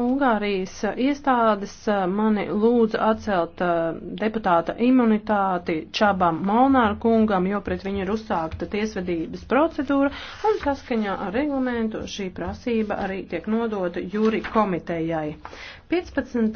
Ungārijas iestādes eh, mani lūdza atcelt eh, deputāta imunitāti Čabam Molnāru kungam, jo pret viņu ir uzsākta tiesvedības procedūra, un saskaņā ar reglamentu šī prasība arī tiek nodota jūri komitejai. 15.